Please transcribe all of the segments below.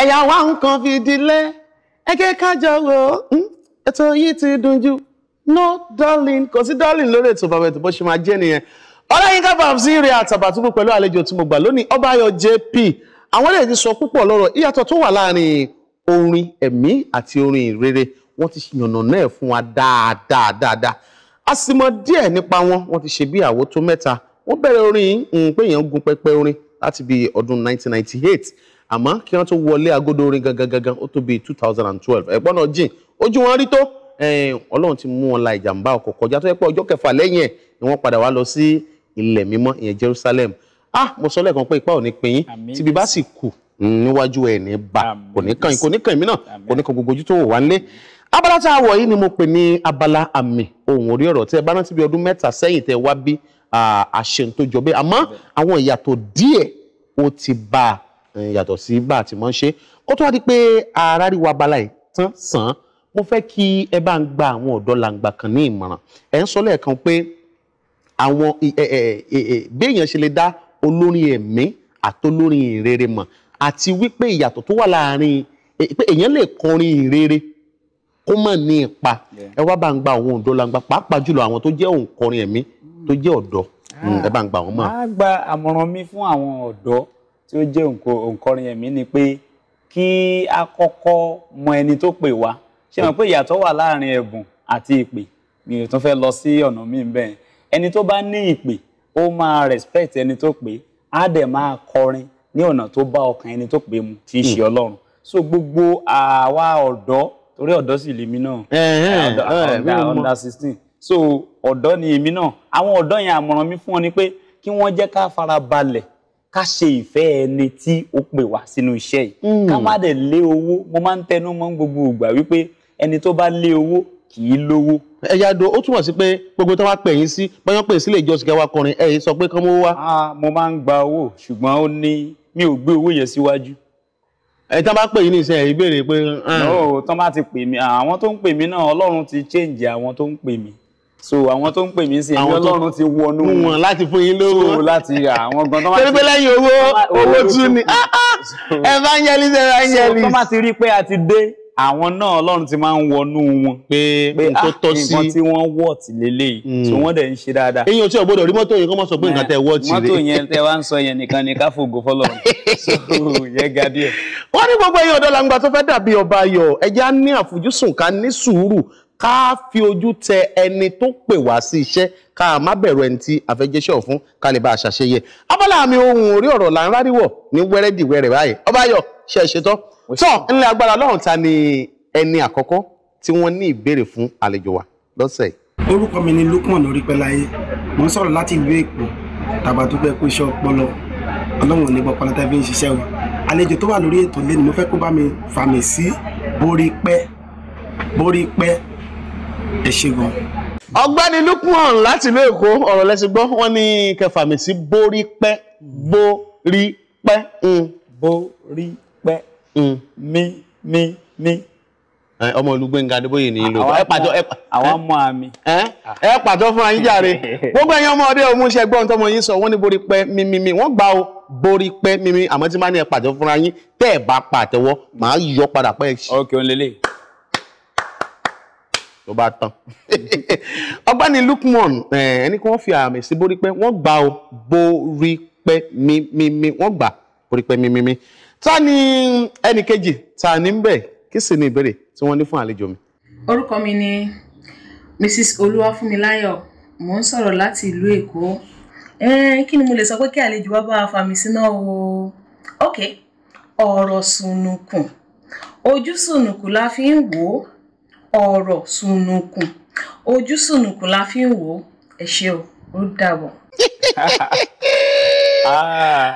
ẹ̀yà wa nǹkan fìdílé ẹ̀kẹ́ kájọ wo hmm? ètò yìí ti dùn jù no darling kò sí darling lórí ètò bàbá ètò bó ṣe máa jẹ́ nìyẹn ọláyínká bàbá ìrìn àtàbàtúbú pẹ̀lú àlejò tí mo gbà lónìí ọbáyọ̀ jp àwọn lè ti sọ púpọ̀ lọ́rọ̀ ìyàtọ̀ tó wà láàrin orin ẹ̀mí àti orin ìrere wọ́n ti yànnà náà fún wa dáadáa dáadáa a sì mọ díẹ̀ nípa wọn wọ́n ti ṣe bí àwo tó mẹ́ta wọ́n bẹ̀rẹ̀ orin hmm, pé èèyàn gun pẹpẹ orin láti bí ọdún 1998 àmọ́ kí wọ́n tó wọlé agodo orin gangan gangan ó tó bíi two thousand and twelve ẹ̀pọ́n náà jìn ojú wọn rí tó ọlọ́run ti mú wọn la ìjàmbá ọkọ̀ kọjá tó yẹ pé ọjọ́ kẹfà lẹ́yìn ẹ̀ ni wọ́n padà wá lọ sí ilẹ̀ mímọ́ ìyẹn Jerusalem ah mo sọ lẹ́ẹ̀kan pé ipa ò ní pin yín tíbi bá sì kù níwájú ẹ̀ ní bá kò ní kàn yín kò ní kàn mí náà kò ní kàn gbogbo ojú tó wò wá nílé abala tá a wọ̀ yìí ni mo pè ní abala àmì ohun orí ọ̀rọ̀ tẹ́ ẹ bá rántí bí ọdún mẹ́ta sẹ́yìn tẹ́ wá bí àṣẹ tó jọ bẹ́ẹ̀ àmọ́ àwọn ìyàtọ̀ díẹ̀ ó ti bá a Eh, yàtọ̀ sí bá a ti mọ̀ ń ṣe ó tó wá di pé aráríwá abala yìí tán sàn mo fẹ́ kí ẹ bá ń gba àwọn ọ̀dọ́ làǹgbà kan ní ìmọ̀ràn ẹ̀ ń sọ lẹ́ẹ̀kan pé àwọn béèyàn ṣe lè dá olórin ẹ̀mí àtolórin ìrere mọ̀ àti wípé ìyàtọ̀ tó wà láàárín pé èèyàn lè kọrin ìrere kó mọ̀ ní ipa ẹ wá bá ń gba àwọn ọ̀dọ́ làǹgbà pàápàá jùlọ àwọn tó jẹ́ òǹkọrin ẹ̀mí tó jẹ́ ọ̀dọ́ ah. ẹ bá ń gba àwọn mọ̀. a gba àmọ̀ràn mi fún àwọn ọ̀dọ́ tí ó jẹ́ òǹkọrin ẹ̀mí ni pé kí a kọ́kọ́ mọ ẹni tó pè wá ṣé mọ̀ pé ìyàtọ̀ wà láàrin ẹ̀bùn àti ìpè mi ò tún fẹ́ lọ sí ọ̀nà míì bẹ́ẹ̀ ẹni tó bá ní ìpè ó máa respect ẹni tó pè á dẹ̀ máa kọrin ní ọ̀nà tó bá ọkàn ẹni tó pè mu tí í ṣe hmm. ọlọ́run so gbogbo àwa ọ̀dọ́ torí ọ̀dọ́ sì lèmi náà ọ̀dọ́ under sixteen so ọ̀dọ́ ni èmi náà àwọn ọ̀dọ́ yẹn àmọ̀ràn mi fún ọ ni pé kí wọ́n jẹ́ ká fara ká ṣe ìfẹ́ ẹni tí ó pè wá sínú iṣẹ́ yìí hmm. ká má dẹ̀ lé owó mo máa ń tẹnu mọ́ gbogbo ìgbà wípé ẹni tó bá lé owó kì í lówó. ẹ̀yà do ó túmọ̀ sí pé gbogbo tó wá pè yín sí bọ́yán pè sílé ìjọsìn kẹwàá kọrin ẹ̀yìn sọ pé kán mú wá. mo máa ń gba owó ṣùgbọ́n ó ní mi ò gbé owó yẹn síwájú ẹ tán bá pè yín níṣẹ́ ìbéèrè pé. Ah. no tán bá ti pè mí àwọn tó ń pè mí náà Ọlọ́run ti change àwọn tó ń pè so àwọn tó ń pè mí sí ẹni ọlọ́run ti wọnú wọn láti fún yín lówó so láti rà àwọn gan tó máa ti pé lẹ́yìn owó owó tún ni evangelist ah, ah. evangelist tó máa ti rí pé a ti dé àwọn náà ọlọ́run ti máa ń wọnú wọn pé nǹkan tó ah, sí nǹkan tí wọ́n wọ̀ tí lélẹ́yìí hmm. so wọ́n dẹ̀ ń ṣe dáadáa. eyín o tí o gbọ́dọ̀ rí mọ́tò yẹn kó má sọ pé nǹkan tẹ wọ́ tì rè. mọ́tò yẹn tẹ wá ń sọ yẹn nìkan ni ká fògo fọlọ́ so yẹ ga díẹ̀. wọ́n ní gbogbo eyín ọ̀dọ́ làǹgbà tó fẹ́ dàbí ọba ayọ̀ ẹja ní àfojúsùn ká ní sùúrù ká fi ojú tẹ ẹni tó pè wá sí iṣẹ́ ká má bẹ̀rù ẹni tí àfẹ́jẹ́ṣẹ́ ọ̀fún ká lè bá a ṣàṣeyẹ. abala àmì ohun orí ọ̀rọ̀ là ń ráríwọ̀ ní wẹ́rẹ́dìwẹ́rẹ́ báyìí ọbáyọ̀ ṣe é ṣe tán. tọ́ ńlẹ̀ agbára lọ́hùn ta ni ẹni àkọ́kọ́ tí wọ́n ní ìbéèrè fún àlejò wa lọ́sẹ̀. orúkọ mi ni Lukman Orípẹ́láyé mo ń sọ̀rọ̀ láti ìlú Èkó tàbátúpẹ́ kó iṣẹ́ ọpọlọ ọlọ́run ní gbọ́pọ́lá tẹ́ fi ń ṣiṣẹ́ o àlejò tó wà lórí ètò lẹ́nu mo fẹ́ kó bá borí pẹ́ ẹ ṣe gan. ọ̀gbẹ́ni Lukman láti ìlú Èkó ọ̀rọ̀ lẹ́sìn gbọ́ wọ́n ní kẹfà mi sí borí pẹ́ borí pẹ́. borí pẹ́ mi mi mi ọmọ olùgbẹ́ngà adébóyè ní ìlú ẹ pàtó ẹ pàtó. àwọn ọmọ àmì. ẹ pàtó fún ayé jàre gbogbo ẹ̀yin ọmọ ọdẹ òun ṣe gbọ́n tọmọ yín sọ wọ́n ní borí pẹ́ mímímí wọ́n gbà ó borí pẹ́ mímí àmọ́ tí máa ní ẹ pàtó fúnra yín tẹ́ ẹ bá pàtẹ́wọ́ màá yọ padà pẹ́ ẹ. ok òun ló bá tán ọ̀gbẹ́ni Lukman ẹni kí wọ́n fi àmì sí borí pé wọ́n gbà ó borí pé mímímí wọ́n gbà borí pé mímímí ta ni ẹnì kejì ta ni ń bẹ kí sì ni ìbéèrè tí wọ́n ní fún àlejò mi. orúkọ mi ni Mrs Olúwafúnmiláyọ̀ mò ń sọ̀rọ̀ láti ìlú Èkó kí ni mo lè sọ pé kí àlejò wa bá a fàmì sí náà o ok ọ̀rọ̀ sùnùkùn ojú sùnùkùn la fi ń wò ó ọ̀rọ̀ sunukun ojú sùnùkùn la fi ń wò ó ẹ ṣé o ó dàbọ̀. Ah,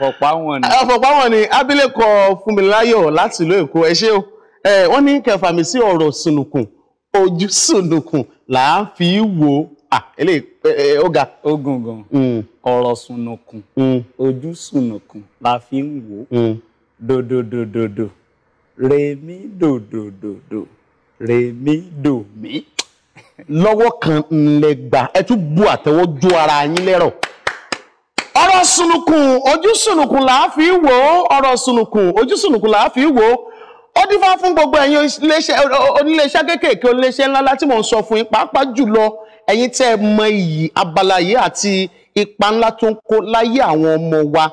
ọ̀fọ̀pá wọn ni. ọ̀fọ̀pá wọn ni abilékọ Fúnmiláyọ̀ láti ìlú Èkó ẹ ṣé o wọ́n ní kẹfà mi sí ọ̀rọ̀ sùnùkùn ojú sùnùkùn là á fi wò ó eléyìí ó ga. ó gangan ọ̀rọ̀ sùnùkùn ojú sùnùkùn la fi ń wò ó dododododo do do re mi do mi. lọ́wọ́ kan ńlẹ̀ gbà ẹ tún bu àtẹ́wọ́ jó ara yín lẹ́rọ̀. ọ̀rọ̀ sunukun ojú sunukun là á fi wò ó ọ̀rọ̀ sunukun ojú sunukun là á fi wò ó ó dífá fún gbogbo ẹ̀yin oníléeṣẹ́ kéékèèké oníléeṣẹ́ ńláńlá tí mò ń sọ fún yín pàápàá jùlọ ẹ̀yin tẹ́ ẹ mọ iyì abala yìí àti ipa ńlá tó ń kó láyé àwọn ọmọ wa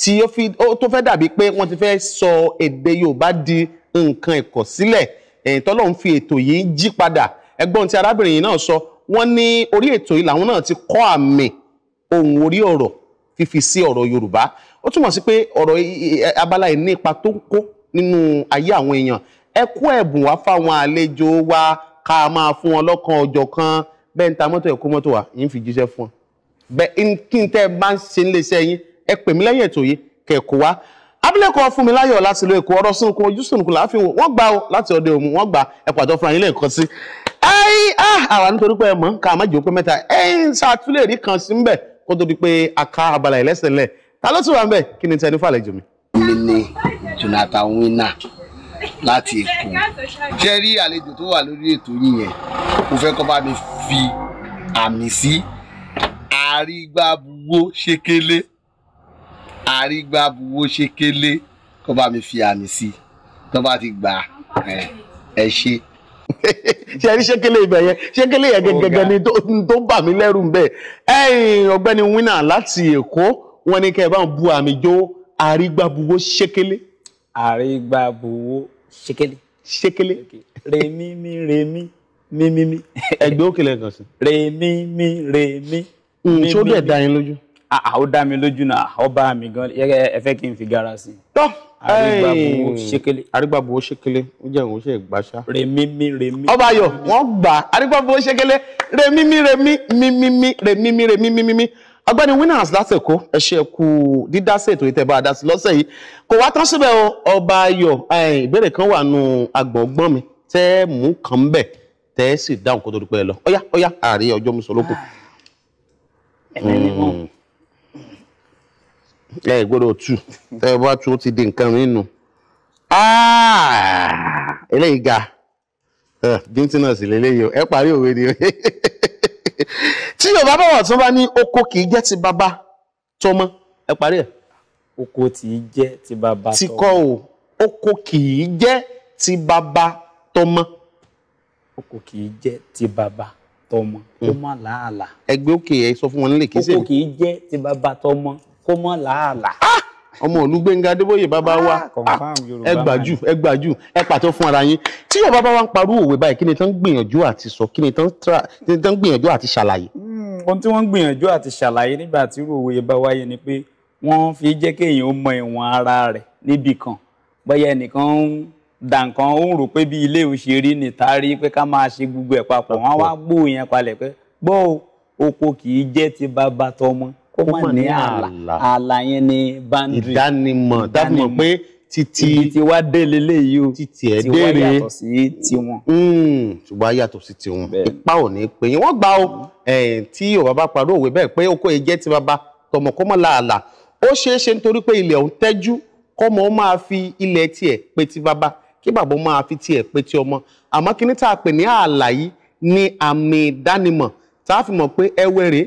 tí ó fi tó fẹ́ dàbí pé wọ́n ti fẹ́ sọ èdè Yorùbá di nǹkan ìkọ̀sílẹ̀ ẹ̀yìn tọ́lọ́run fi ètò yìí jí padà ẹgbọ́n tí arábìnrin yìí náà sọ wọ́n ní orí ètò yìí làwọn náà ti kọ́ àmì ohun orí ọ̀rọ̀ fífi sí ọ̀rọ̀ Yorùbá ó túmọ̀ sí pé ọ̀rọ̀ abala yìí ní ipa tó ń kó nínú ayé àwọn èèyàn ẹ kó ẹ̀bùn wá fáwọn àlejò wa ká máa fún wọn lọ́kàn ọjọ́ kan bẹ́ẹ̀ ń ta mọ́tò ẹ̀kọ́ mọ́tò wa yìí ń fi jíṣẹ́ fún wọn bẹ́ẹ̀ kí n tẹ́ bá ń ṣe ń lè ṣe yín ẹ pè mí lẹ́yìn ètò yìí kẹ̀kọ́ wá abilékọ Fúnmiláyọ̀ Ọlásìlú Èkó ọ̀rọ̀ sunkun ojú sunkun láàfin wò wọ́n gbà ó láti ọdẹ òmu wọ́n gbà ẹ pàtó fúnra yín lẹ́ẹ̀kan sí. ayi ah, àwa nítorí pé ẹ mọ̀ ká má jòó pé mẹ́ta ẹ ń ṣàtúlẹ̀ rí kan sí mbẹ̀ kó tó di pé a ká abala ìlẹ́sẹ̀ lẹ̀ ta ló tún wà mbẹ̀ kí ni tẹnu fàlẹ̀ jù mí. mi ni Jonathan Winner láti Èkó ṣe rí àlejò tó wà lórí ètò yìí yẹn mo fẹ́ kó bá mi fi àmì sí àrígbábuwó ṣekélé àrígbábuwó ṣe kélé kó bá mi fi àmì sí tó bá ti gbà ẹ ṣe. ṣe rí ṣékélé ibẹ̀ yẹn ṣékélé yẹn gẹ́gẹ́ ni tó bà mí lẹ́rù ń bẹ̀ ẹ̀yìn ọ̀gbẹ́ni wínà láti èkó wọn ní kẹ́ ẹ bá ń bu àmì jó àrígbábuwó ṣékélé. àrígbábuwó ṣékélé. ṣékélé. rèmí mi rèmí mi mi mi. ẹgbẹ́ òkèlè kan sí. rèmí mi rèmí. ǹjọ́ bẹ̀ dá yín lójú. àwọn ah, ah, dá mi lójú náà àwọn ah, bá mi gan ẹ fẹ́ kí n fi gara sí tọ́ arígbàbò ṣékélé. arígbàbò ó jẹ́ ṣe ọba ayọ̀ wọn gbà arígbàbò ṣékélé winners lásìkò ẹ kú ètò àdásí lọ́sẹ̀ yìí kò wá o ọba ayọ̀ ìbéèrè kan wà nù agbọ̀ngbọ̀n mi tẹ́ mú kàn bẹ̀ tẹ́ sì dáhùn kó lọ àárẹ̀ ọjọ́ ẹ gbọ́dọ̀ tù tẹ ẹ bá tù ó ti di nǹkan nínú ah! eléyìí ga bíntín náà sì lélẹyìí o ẹ parí òwe ni o tí yorùbá bá wà tí wọn bá ní oko kì í jẹ́ ti bàbá tọmọ ẹ parí ẹ. oko tí í jẹ́ ti bàbá tọmọ. ti kọ́ o oko kì í jẹ́ ti bàbá tọmọ. oko kì í jẹ́ ti bàbá tọmọ ó mà hmm. làálàá. ẹgbẹ́ òkè ẹ sọ fún wọn nílé kí sèmi. oko kì í jẹ́ ti bàbá tọmọ kó mọ́ làálàá. ọmọ òlu Gbẹ́ngà Adébóyè bàbá wa ah, ẹ gbàjú ẹ gbàjú ẹ pàtó fún ara yín tí yóò bàbá wa ń parú òwe báyìí kí ni tán gbìyànjú àti sọ kí ni tán gbìyànjú àti ṣàlàyé. Hmm, ohun tí wọ́n ń gbìyànjú àti ṣàlàyé nígbà tí irú òwe bá wáyé ni pé wọ́n fi jẹ́ kéèyàn mọ ìwọ̀n ara rẹ̀ níbì kan bóyá ẹnìkan ń dànkan ó ń rò pé bí ilé òṣèré ni tàárí pé ká máa ṣe gbogbo ẹ̀ papọ̀ wọ́n wá gbó palẹ̀ pé gbọ́ oko kì í jẹ́ ti bàbá tọmọ kó má ní ààlà ààlà yẹn ni boundary ìdánimọ̀ dábìmọ̀ pé títí títí wá dé leléyìí o títí ẹ̀ dére tiwa yàtọ̀ sí tiwọn. Hmm. ṣùgbọ́n yàtọ̀ sí tiwọn ipa ò ní pè yín wọ́n gbà ó hmm. tí yorùbá bá parí òwe bẹ́ẹ̀ pé oko yìí jẹ́ ti bàbá tọmọ kó mọ̀ làálàá ó ṣeé ṣe nítorí pé ilẹ̀ òun tẹ́jú kọ́mọ ó máa fi ilẹ̀ tiẹ̀ pé ti bàbá kí bàbá ó máa fi tiẹ̀ pé ti ọmọ àmọ́ kí ní tá a pè ní ààlà yìí ní àmì ìdánimọ̀ tá a fi mọ̀ pé ẹwẹ́rẹ́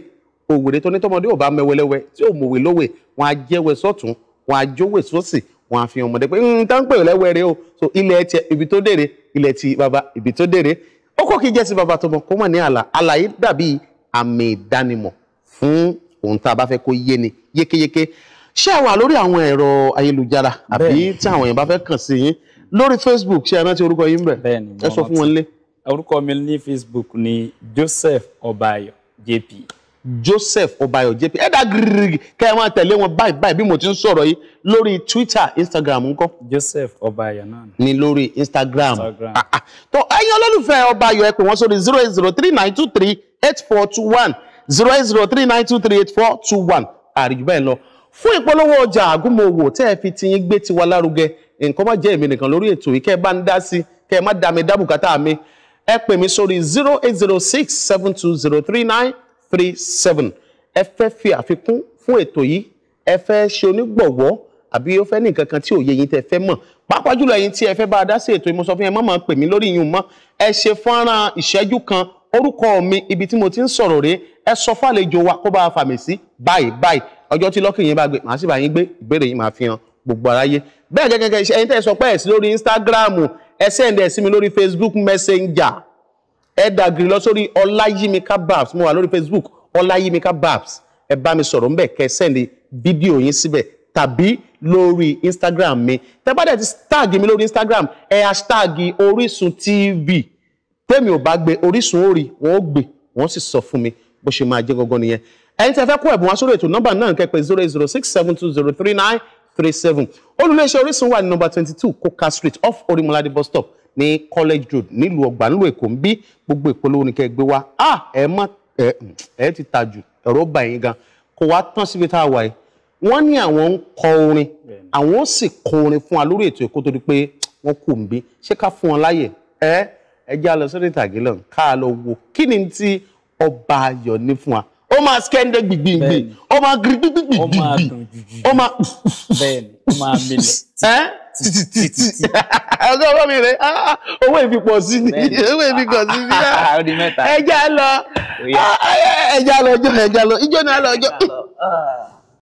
òwèrè tó ní tọmọdé ò bá mẹwẹlẹwẹ tí ò mọ̀wé lówè wọn á jẹ́wẹ́ sọ́tún wọn á jówè sósì wọn á fi ọmọdé pé ń hmm, tá ń pè lẹ́wẹ́ rẹ o so ilẹ̀ tiẹ̀ ibi tó dèrè ilẹ̀ ti bàbá ibi tó dèrè ó kọ́ kí jẹ́ sí bàbá tọmọ kó mọ̀ ní àlà àlàyé dàbí àmì ìdánimọ̀ fún ohun tá a bá fẹ́ kó yé ni yékéyéké ṣé ẹ wà lórí àwọn ẹ̀rọ ayélujára àbí tí àwọn èèyàn bá fẹ́ kàn sí yín lórí Facebook ṣé ẹ rántí orúkọ yín bẹ̀ ẹ sọ fún wọn lé. orúkọ mi ní Facebook ni Joseph Ọbaayọ JP. Joseph Obayo JP ẹ dá gírígírí kẹ ẹ máa tẹ̀lé wọn báyìí báyìí bí mo ti ń sọ̀rọ̀ yìí lórí Twitter Instagram ńkọ́. Joseph Obayo náà ni lórí Instagram tó ah, ah. ẹ̀yin olólùfẹ́ Obayo ẹ pè wọ́n sórí zero eight zero three nine two three eight four two one zero eight zero three nine two three eight four two one àríjù bẹ́ẹ̀ lọ fún ìpolówó ọjà àgúnmọ̀wò tẹ́ ẹ fi tiyín gbé tiwa lárugẹ nǹkan má jẹ́ èmi nìkan lórí ètò yìí kẹ́ ẹ bá ń dá sí kẹ́ ẹ má dá mi dábùkátà mi ẹ pè mí sórí zero eight zero six seven two zero three nine three seven ẹ fẹ́ fi àfikún fún ètò yìí ẹ fẹ́ ṣe onígbọ̀wọ́ àbí ó fẹ́ ní nǹkan kan tí òye yín tẹ́ fẹ́ mọ̀ pàápàá jùlọ ẹ̀yin tí ẹ fẹ́ bá a dá sí ètò ìmọ̀sọ́ fún yẹn mọ̀ máa pè mí lórí ìyún mọ́ ẹ ṣe fọ́nrán ìṣẹ́jú kan orúkọ mi ibi tí mo ti ń sọ̀rọ̀ rèé ẹ sọ fàlejò wa kó bá a fàmì sí báyìí báyìí ọjọ́ tí lọ́kì yẹn bá gbé màá sì bá yín gbé ìbéèrè yín máa fi hàn gbogbo aráyé bẹ́ẹ̀ gẹ́gẹ́ ẹ̀yin tẹ́ sọ pé ẹ̀ sí lórí Instagram ẹ sẹ́ǹdẹ̀ mi lórí Facebook Messenger ẹ dàgìrì lọ sórí ọláyímíkà babs mo wà lórí facebook ọláyímíkà babs ẹ bá mi sọ̀rọ̀ ńbẹ̀ kẹ́ sẹ́ndì fídíò yín síbẹ̀ tàbí lórí instagram mi tẹ́ bá dẹ̀ ti tag mi lórí instagram ẹ hashtag orísun tv tẹ́mi ò bá gbé orísun orí wọn ó gbé wọn sì sọ fún mi bó ṣe máa jẹ́ gangan nìyẹn ẹ̀yin tí fẹ́ kó ẹ̀bùn wá sórí ètò nọ́mbà náà kẹ́ zero eight zero six seven two zero three nine three seven olùléeṣẹ́ orísun wà ní nọ́mbà twenty two coca street off orimolade bus stop ní college road nílùú ọgbà nílùú èkó ń bí gbogbo ìpolówó ni kẹ́ ẹ gbé wá à ah, ẹ mọ ẹ ti ta jù ẹ̀rọ bà yín gan kò wá tán síbi tá a wà yìí wọ́n ní àwọn ń kọ orin àwọn ó sì kọ orin fún wa lórí ètò ẹ̀kọ́ torí pé wọ́n kò ń bí ṣé ká fún wọn láyè ẹ ẹ já lọ sórí ìtàgé lọ ká lọ wo kí ni ti ọba ayọ̀ ní fún wa ó máa skẹ́ndé gbìgbìngbì ó máa gbìgbìngbì ó máa dùn jùjù ó máa bẹ́ẹ̀ ni ó máa milẹ̀ títí títí títí. ọgá ọmọ mi rẹ ah, ah, owó èmi pọ̀ sí ni owó èmi pọ̀ sí ni. ọdún ah, ẹja lọ ẹja lọ ọjọ́ ẹja lọ ìjọ náà lọ ọjọ́.